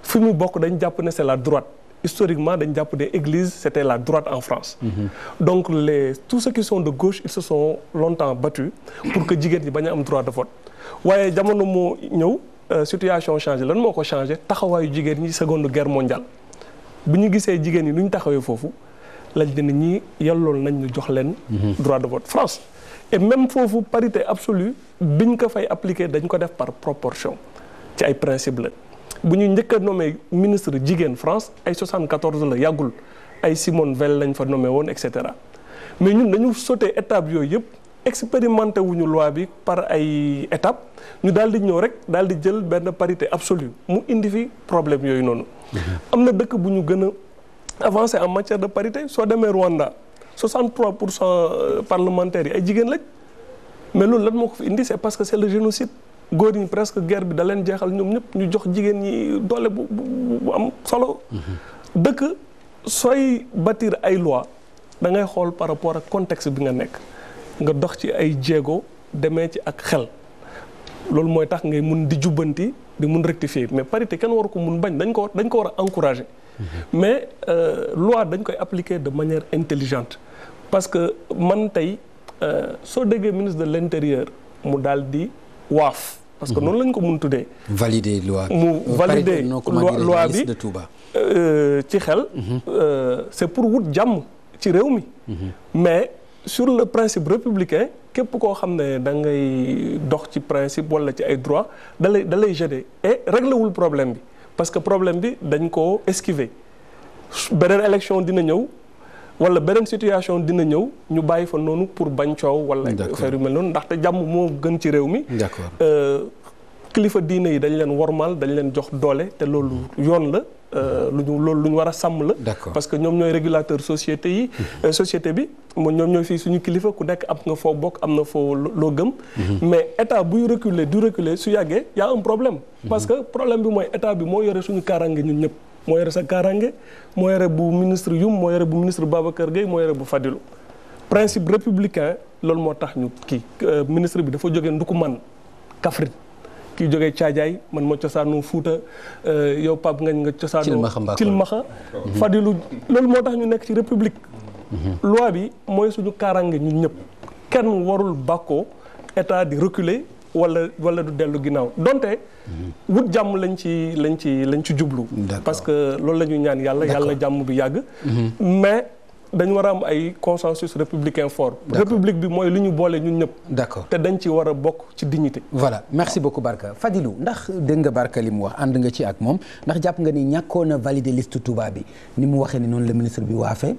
fi mu bokk dañ jàpp ne c'est la droit historiquement dañ jàpp ne église c'était la droite en France mhm. donc le tous ceux qui sont de gauche ils se sont longtemps battus pour que jigéen ñi bañ am droit de vote waaye jamono moo ñëw euh, situation changé lan moo ko changé taxawaayu jigéen ñi seconde guerre mondiale bu ñu gisee jigéen ñi lu ñu taxawee foofu lañ ne ñi yellool nañ ñu jox leen mhm. droit de vote France et même foofu parité absolue biñ ko fay appliquer dañ ko def par proportion ci ay principe bu ñu njëkk a ministre jigéen France ay 74 la yàggul ay Simone Veil lañ fa nommé woon et mais ñun dañu sauté étape yooyu yëpp expérimenté ñu loi bi par ay étape ñu daal di ñëw rek daal di jël benn parité absolue mu indi fi problème yooyu noonu. Mhm. am na dëkk bu ñu gën a avancé en matière de parité soo demee Rwanda 63 pour cent euh, parlementaires yi ay jigéen lañ mais loolu lan moo ko fi indi c'est parce que c'est le génocide. góor ñi presque guerre bi da leen jeexal ñoom ñëpp ñu jox jigéen ñi doole bu bu am solo. Mhm. dëkk sooy bâtir ay loi da ngay xool par rapport ak contexte bi nga nekk nga dox ci ay jéego demee ci ak xel loolu mooy tax ngay mun di jubbanti di mun rectifier mais parité kenn waru ko mun bañ dañ ko dañ ko war a encourager. Mhm. mais euh, loi dañ koy appliquer de manière intelligente parce que man tey euh, soo déggee ministre de l'intérieur mu daal di waaf. parce que noonu lañ ko mun tuddee. valider loi bi mu euh, valider loi bi de Touba. Euh, ci xel. Mhm. Euh, c'est pour wut jàmm ci réew mi. Mhm. mais sur le principe républicain képp koo xam ne da ngay dox ci principe wala ci ay droit da lay da lay gêner et réglé wul problème bi parce que problème bi dañ koo esquiver beneen élection dina ñëw. wala beneen situation dina ñëw ñu bàyyi fa noonu pour bañ coow. wala affaire yu mel noonu ndaxte jàmm moo gën ci réew mi. Euh, kilifa diine yi dañ leen wormaal dañ leen jox doole te loolu yoon la. Euh, lu ñu loolu lu ñu war a sàmm la. parce que ñoom ñooy régulateur société yi. Mmh. Euh, société bi moo ñoom ñooy fii suñu kilifa ku nekk am nga foo bokk am na foo loo gëm. Mmh. mais état buy reculer du reculer su yàggee y a problème. Mmh. parce que problème bi mooy état bi moo yore suñu kaaraange ñun ñëpp. moo yore sa kaaraange moo yore bu ministre Youm moo yore bu ministre Babacar Gueye moo yore bu Fadilou principe républicain loolu moo tax ñu kii euh, ministre bi dafa jóge jógee man Kaffrine kii jóge Caajaay man ma cosaanu Fuuta euh, yow Pape Ngañ nga cosaanu Cilmaxa mhm. Fadilou loolu moo tax ñu nekk ci république mhm. loi bi mooy suñu kaaraange ñun ñëpp kenn warul bàkkoo état di reculer wala wala du dellu ginnaaw donte. Mhm. wut jàmm lañ ci lañ ci lañ ci jublu. parce que loolu la ñuy ñaan yàlla yàlla jàmm bi yàgg. Mhm. mais dañu war a am ay consensus républicain fort. république bi mooy li ñu boole ñun ñëpp. d'accord te dañ ci war a bokk ci dignité. voilà merci beaucoup Barka Fadilou ndax dégg nga Barka li mu wax ànd nga ci ak moom ndax jàpp nga ni ñàkkoon a valider liste Touba bi ni mu waxee ni noonu la ministre bi waafee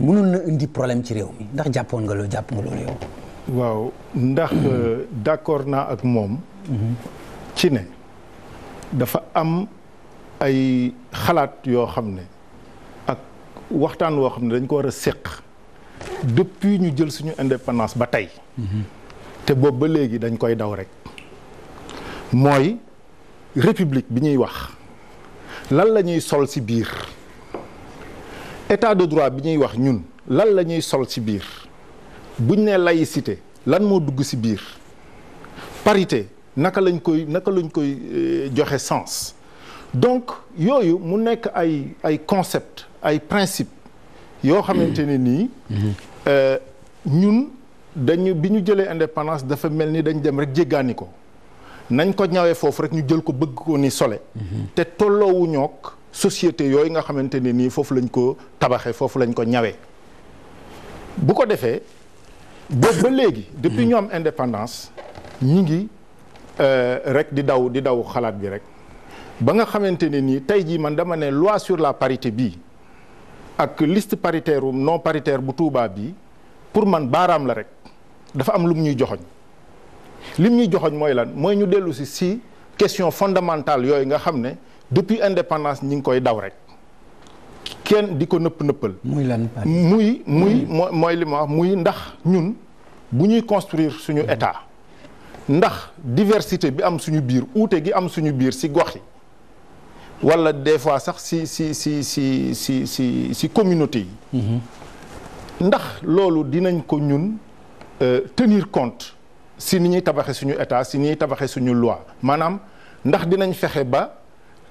mënoon na indi problème ci réew mi ndax jàppoon nga loolu waaw ndax euh, d'accord naa ak moom. Mhm. ci ne dafa am ay xalaat yoo xam ne ak waxtaan woo xam ne dañ ko war a séq depuis ñu jël suñu indépendance ba tey. Mhm. te boobu ba léegi dañ koy daw rek mooy république bi ñuy wax lan la ñuy sol si biir état de droit bi ñuy wax ñun lan la ñuy sol si biir. buñ nee laïcité lan moo dugg si biir parité naka lañ koy naka lañ koy euh, joxe sens donc yooyu mu nekk ay ay concept ay principe yoo xamante ne nii mm-hmm. euh, ñun dañu bi ñu jëlee indépendance dafa mel ni dañ dem rek jéggaani ko nañ ko ñawee foofu rek ñu jël ko bëgg ko ni sole mm-hmm. te tolloowu ñook yooyu nga xamante ne nii foofu lañ ko tabaxee foofu lañ ko ñawee bu ko defee boobu ba léegi. depuis hmm. ñu am indépendance ñi ngi euh, rek di daw di daw xalaat bi rek ba nga xamante ne nii tey jii man dama ne loi sur la parité bii ak liste paritaire ou non paritaire bu Touba bii pour man baaraam la rek dafa am lu mu ñuy joxoñ lim ñuy joxoñ mooy lan mooy ñu dellu si si question fondamentale yooyu nga xam ne depuis indépendance ñi ngi koy daw rek. kenn di ko nëpp nëppal. muy lan muy muy mooy li ma wax muy ndax ñun bu ñuy construire suñu mm. état ndax diversité bi am suñu biir uute gi am suñu biir si gox yi wala des fois sax si si si si si si si communauté yi. Mm-hmm. ndax loolu dinañ ko ñun euh, tenir compte si ni ñuy tabaxee suñu état si ni ñuy tabaxee suñu loi maanaam ndax dinañ fexe ba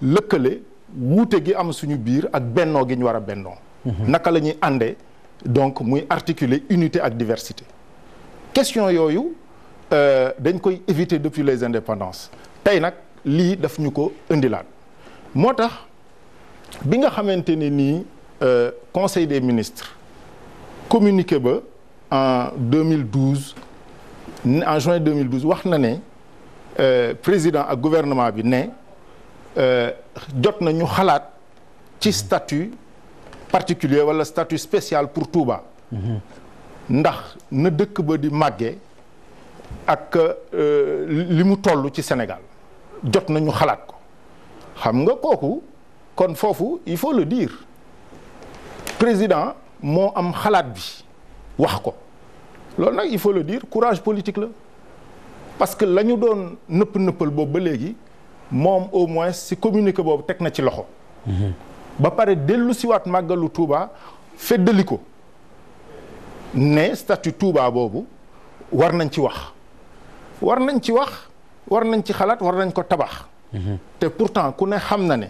lëkkale. wuute gi am suñu biir ak bennoo gi ñu war a bennoo mhm. naka lañuy àndee donc muy articuler unité ak diversité question yooyu euh, dañ koy éviter depuis les indépendances tey nag lii daf ñu ko indilaat moo tax bi nga xamante ne nii euh, conseil des ministres communiqué ba en 2012 en juin 2012 wax na ne euh, président ak gouvernement bi ne jot na ñu xalaat ci statut particulier wala statut spécial pour Touba. ndax na dëkk ba di màggee ak euh, li mu toll ci Sénégal jot na ñu xalaat ko xam nga kooku kon foofu il faut le diir président moo am xalaat bi wax ko loolu nag il faut le diir courage politique la parce que la doon nëpp nëppal boobu ba léegi. moom au moins si communiqué boobu teg na ci loxo. ba pare dellu siwaat màggalu Touba feddali ko ne statut Touba boobu war nañ ci wax war nañ ci wax war nañ ci xalaat war nañ ko tabax. te pourtant ku ne xam na ne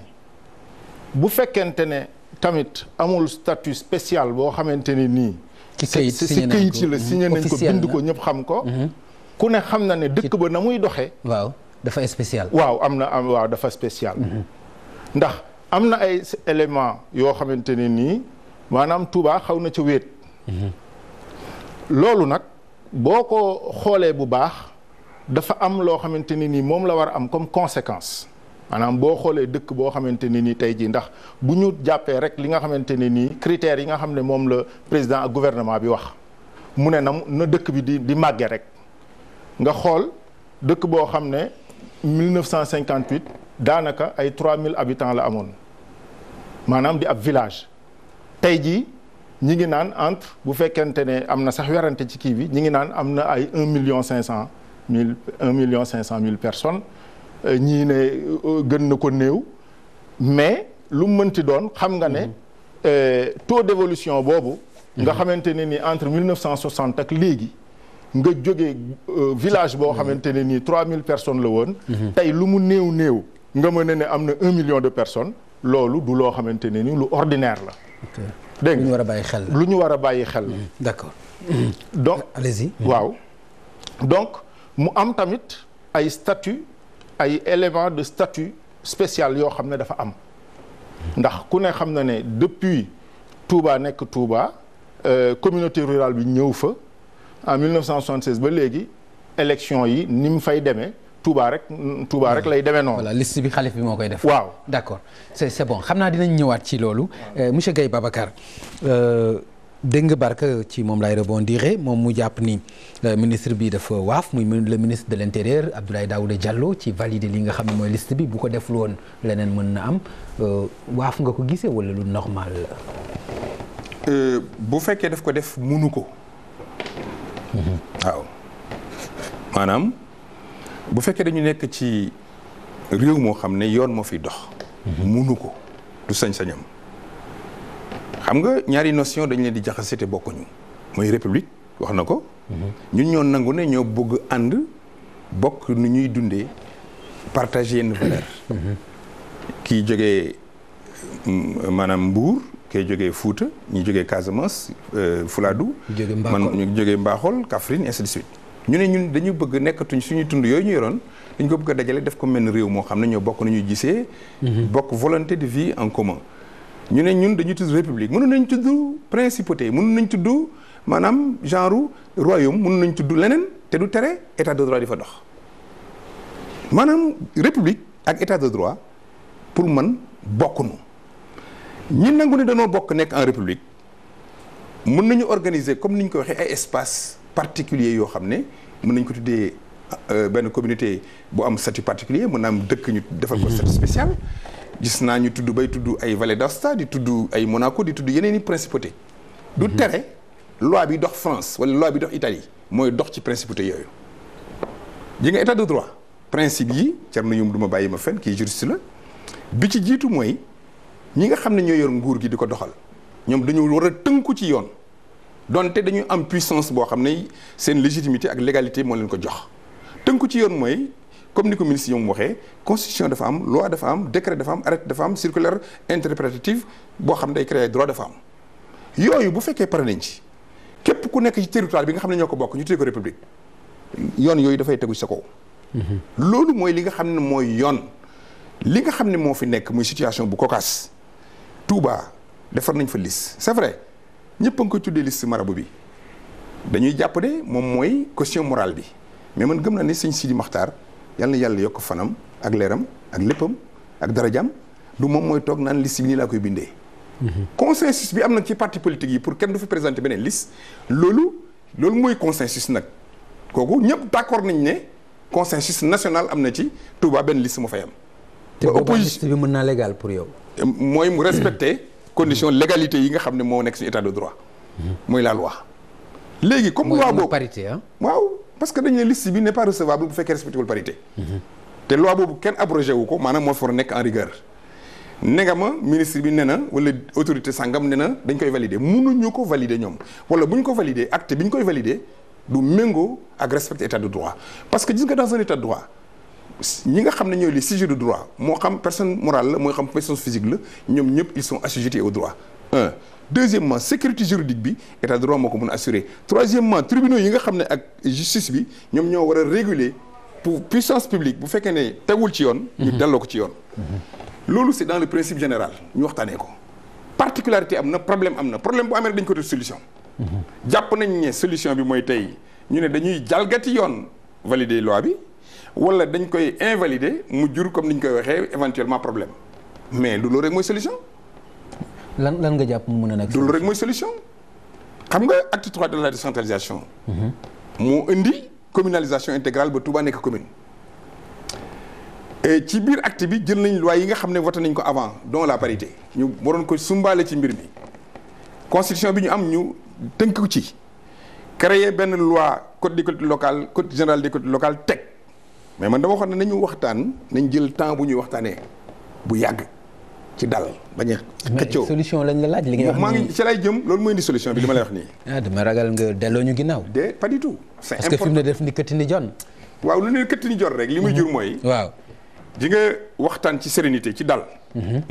bu fekkente ne tamit amul statut spécial boo xamante ne nii. ci kayit si kayit yi la signé nañ ko bind ko ñëpp xam ko. Mhm. ku ne xam na ne dëkk ba na muy doxee. waaw. dafa spécial. waaw am na am waaw dafa spécial. Mhm. ndax am na ay éléments yoo xamante ne nii maanaam Touba xaw na ca wéet. Mhm. loolu nag boo ko xoolee bu baax dafa am loo xamante ne nii moom la war a am comme conséquence maanaam boo xoolee dëkk boo xamante ne nii tey jii ndax bu ñu jàppee rek li nga xamante ne nii critères yi nga xam ne moom la président ak gouvernement bi wax mu ne na na dëkk bi di di màgge rek nga xool dëkk boo xam ne. 1958 daanaka ay trois mille habitants la amoon maanaam di ab village tey jii ñi ngi naan entre bu fekkente ne am na sax werante ci kii bi ñi ngi naan am na ay 1 million 500 mille 1 million cinq cent mille personnes euh, ñii ne euh, gën na ko néew mais lu mu mënti doon xam nga ne mhm. euh, taux d'évolution boobu. nga mhm. xamante ne ni entre 1960 ak léegi. nga jógee euh, village boo xamante ne nii mille personnes la woon. Mhm. tey lu mu néew néew nga mën a ne am na un million de personnes loolu du loo xamante ne nii lu ordinaire la. dégg lu ñu war a bàyyi xel lu ñu war a bàyyi xel la. Mhm. d'accord donc euh, allez mhm. waaw donc mu am tamit ay statut ay éléments de statut spécial yoo xam ne dafa am. ndax ku ne xam na ne depuis Touba nekk Touba euh, communauté rurale bi ñëw fa. en 1976 ba léegi election yi ni mu fay demee Touba rek Touba rek lay demee noonu. list bi xalif bi moo koy def. waaw d' accord c' bon xam naa dinañ ñëwaat ci loolu. Euh, monsieur Gaye Babacar. Euh, dégg nga barka ci moom lay rebondir moom mu jàpp ni euh, ministre bi dafa waaf muy le ministre de l' intérieur Abdoulaye Daouda Diallo ci valider li nga xam ne mooy list bi bu ko deful woon leneen mën na am waaf nga ko gisee wala lu normal la. bu fekkee daf ko def munu ko. waaw maanaam bu fekkee dañu nekk ci réew moo xam ne yoon moo fi dox. munu ko du sañ-sañam. xam nga ñaari notion dañ leen di jaxase te bokkuñu mooy république wax na ko. ñun ñoo nangu ne ñoo bëgg ànd bokk nu ñuy dundee partager yenn valeur. kii jógee mm, maanaam mbuur. kay jógee Fouta ñu jógee Casamance euh, Fouladou. man ñu jógee Mbaaxol Kaffrine ainsi de suite. ñu ne ñun dañu bëgg nekkatuñ suñu tund yooyu ñu yoroon dañ ko bëgg a dajale def ko mel ni réew moo xam ne ñoo bokk nañu gisee. Mhm. bokk volonté de vie en commun. ñu ne ñun dañu tudd république mënu nañ tudd principauté mun nañ tudd maanaam genre royaume mun nañ tudd leneen te du tere état de droit di fa dox maanaam république ak état de droit pour man bokkunu ñi nangu ni danoo bokk nekk en république mën nañu organiser comme ni ñu ko waxee ay espace particulier yoo xam ne mën nañ ko tuddee euh, benn communauté bu am statut particulier mën na dëkk ñu defal ko statut spécial gis naa ñu tudd bay tudd ay Valle d'Aosta di tudd ay Monaco di tudd yeneen i principauté du mhm. tere loi bi dox France wala loi bi dox Italie mooy dox ci principauté yooyu ji nga état de droit principe yi car na ñoom du ma bàyyi ma fen kii juriste la bi ci jiitu mooy ñi nga xam ne ñoo yor nguur gi di ko doxal ñoom dañu war a tënku ci yoon donte dañu am puissance boo xam ne seen légitimité ak légalité moo leen ko jox tënku ci yoon mooy comme ni ko ministre yi mu waxee constitution dafa am loi dafa am décret dafa am arrêté dafa am circulaire interprétative boo xam ne day créer droit dafa am yooyu bu fekkee pare nañ ci képp ku nekk ci bi nga xam ne ñoo ko bokk ñu tuddee ko yoon yooyu dafay tegu sa kaw. Mhm. loolu mooy li nga xam ne mooy yoon li nga xam ne moo fi nekk muy situation bu cocasse Touba defar nañ fa liste c'est vrai ñëpp a ngi ko tuddee liste marabu bi dañuy jàpp ne moom mooy question morale bi mais man gëm naa ne sëñ Sidi Maxtaar yal yàlla yokk fanam ak leeram ak léppam ak darajam du moom mooy toog naan liste bi nii laa koy bindee. Mhm. consensus bi am na ci parti politique yi pour kenn du fi présenter beneen liste. loolu loolu mooy consensus nag kooku ñëpp d'accord nañ ne consensus national am na ci Touba benn liste mu fay am. mën naa légal pour yow. mooy mu respecter condition légalité yi nga xam ne moo nekk ci état de droit muy la loi léegi comme loi boobu parité waaw parce que dañu ne liste bi n'est pas recevable bu fekkee respecté wul parité te loi boobu kenn abrogé wu ko maanaam moo fa nekk en rigueur ne ma ministre bi ne na wala autorité sangam ne na dañ koy valider mënuñu ko valider ñoom wala buñ ñu ko valider acte bi ñu koy valider du méngoo ak respecter état de droit parce que gis nga dans un état ñi nga xam ne ñoo les sujets de droit moo xam personne morale la moo xam personne physique la ñoom ñëpp ils sont assujettis au droit un deuxièmement sécurité juridique bi état de droit moo ko mën a troisièmement tribunaux yi nga xam ne ak justice bi ñoom ñoo war a réguler pour puissance publique bu fekkee ne tegul ci yoon ñu mhm. delloo ko ci yoon mhm. loolu c'est dans le principe général ñu waxtaanee ko particularité am na problème am na problème bu amee rek dañ ko def solution mhm. jàpp nañ ne solution bi mooy tey ñu ne dañuy jalgati yoon valider loi bi wala dañ koy invalider mu jur comme ni koy waxee éventuellement problème mais lu loolu rek mooy solution. lan lan nga jàpp mu mën a nekk. du loolu rek mooy solution. xam nga acte de la décentralisation. mu mhm. indi communalisation intégrale ba Touba nekk commune. ci biir acte bi jël nañu loi yi nga xam ne voté nañ ko avant dont la parité ñu waroon ko sumbaale ci mbir mi constitution bi ñu am ñu tënk ko ci créer benn loi cote des collectivités locales code général des collectivités locales teg mais man dama xam ne nañu waxtaan nañ jël temps bu ñuy waxtaanee bu yàgg ci dal bañ a xëccoo solution lañ la laaj li nga wax maa ngi ci lay jëm loolu mooy indi solution bi li ma lay wax nii. Ah, dama ragal nga delloo ñu ginnaaw. de pas du tout. parce que fi ne def ni këtti ni jon. waaw lu ne këtti ni jon rek. li muy mhm. jur mooy. waaw. di nga waxtaan ci sérénité ci dal.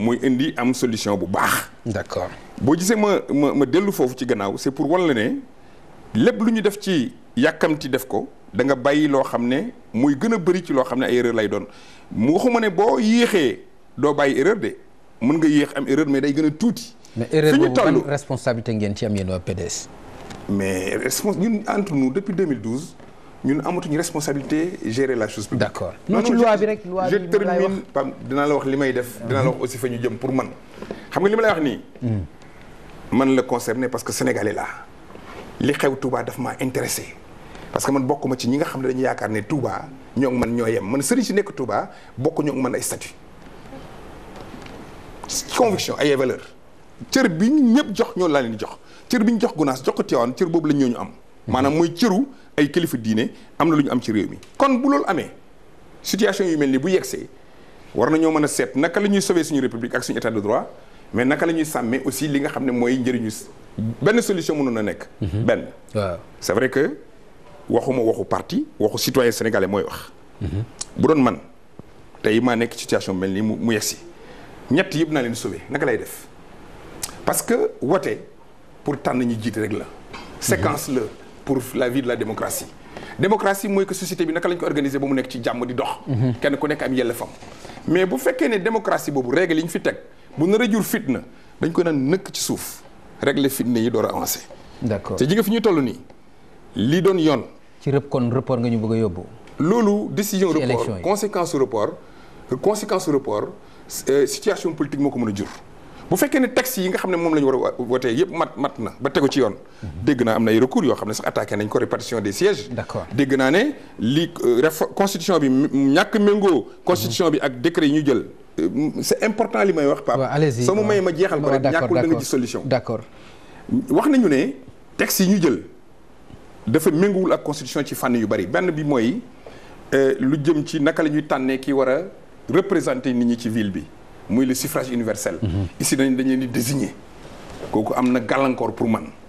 muy mhm. indi am solution bu baax. d'accord boo jisee ma ma ma dellu foofu ci gannaaw c'est pour wan la ne lépp lu ñu def ci. yàkkamti def ko danga bàyyi loo xam ne muy gën a bëri ci loo xam ne ay erreur lay doon mu waxuma ne boo yéexee doo bàyyi erreur de mën nga yéex am erreur mais day gën a tuuti. mais erreur boobu ban responsabilité ngeen ci am yéen mais respons ñun entre nous depuis 2012 ñun amatuñu responsabilité gérer la chose publique. d'accord non ci loi bi rek loi bi je termine la wax li may def. dinaa fa ñu jëm pour man. xam nga li ma lay wax nii. Hmm. man la concerné parce que sénégalais laa. li xew Touba daf maa intéressé. parce que man bokkuma ci ñi nga xam ne dañu yaakaar ne Touba ñoo ngi man ñoo yem man sëriñ si nekk Touba bokk ñoo ngi man ay statut conviction ay valeur cër bi ñëpp jox ñoo laa leen jox cër bi ñu jox gunaas jox ko Tiwaawan cër boobu la ñoo ñu am maanaam mooy cëru ay kilifa diine am na lu ñu am ci réew mi kon bu loolu amee situation yu mel ni bu yegsee war na ñoo mën a seet naka la ñuy sauver suñu république ak suñu état de droit mais naka la ñuy sàmmee aussi li nga xam ne mooy njëriñu benn solution mënoon na nekk mhm. benn c'est vrai que waxuma waxu parti waxu citoyen sénégalais mooy wax. bu doon man tey maa nekk situation mel nii mu mu yegsi ñett yëpp naa leen sauvé naka lay def parce que wote pour tànn ñi jiite rek la. séquence la pour la vie de la démocratie. démocratie mooy que société bi naka lañ ko organiser ba mu nekk ci jàmm di dox. kenn ku nekk am yellefam. mais bu fekkee ne démocratie boobu règle yi ñu fi teg bu nar a jur fitna dañ ko naan nëkk ci suuf régler fitna yi door a avancer. d'accord fi ñu toll nii li doon yoon. ci kon report nga ñu bëgg a yóbbu. loolu décision report conséquence su report conséquence su report euh, situation politique ko mën a jur. bu fekkee ne texte yi nga xam ne moom la ñu war a yëpp mat mat na ba tegu ci yoon. Mhm. dégg naa am na ay recours xam ne sax attaqué nañ ko répartition des sièges. d'accord dégg ne li euh, constitution bi ñàkk méngoo constitution mhm. bi ak décret yi ñu jël. Euh, c'est important li may wax. Pape allez-y sama may ma jeexal ko rek ñàkkul da nga gis solution. wax nañu ne texte yi ñu jël. dafa ménguwul ak constitution ci fànn yu bari benn bi mooy euh, lu jëm ci naka la ñuy tànnee ki war a représenter nit ñi ci ville bi muy le suffrage universel. Mhm. ici dañ dañ leen di désigner kooku am na gàllankoor pour man.